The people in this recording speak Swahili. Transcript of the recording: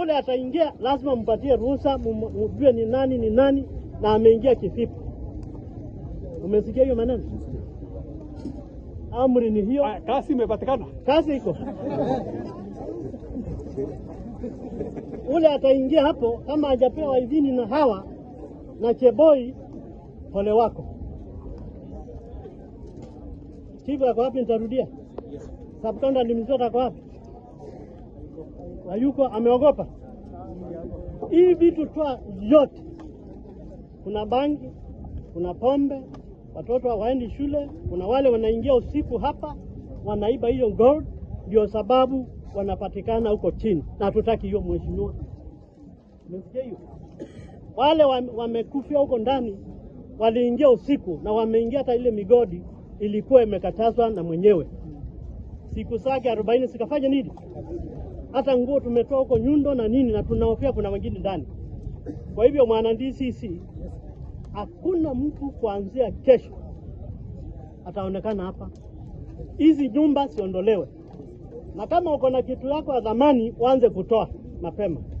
ule ataingia, lazima mpatie ruhusa, mjue ni nani ni nani na ameingia kivipi. Umesikia hiyo maneno? Amri ni hiyo. Ah, kasi imepatikana, kasi iko ule ataingia hapo, kama hajapewa idhini na hawa na Cheboi, pole wako. Chifu ako wapi? Nitarudia, sabukanda limzota ako wapi? na yuko ameogopa hii vitu twa yote, kuna bangi, kuna pombe, watoto hawaendi shule, kuna wale wanaingia usiku hapa wanaiba hiyo gold, ndio sababu wanapatikana huko chini, na tutaki hiyo mheshimiwa. Umesikia hiyo? Wale wamekufia huko ndani waliingia usiku na wameingia hata ile migodi ilikuwa imekatazwa na mwenyewe, siku zake arobaini sikafanya nini? hata nguo tumetoa huko Nyundo na nini, na tunahofia kuna wengine ndani. Kwa hivyo mwana DCC, hakuna mtu kuanzia kesho ataonekana hapa. Hizi nyumba siondolewe, na kama uko na kitu yako ya dhamani uanze kutoa mapema.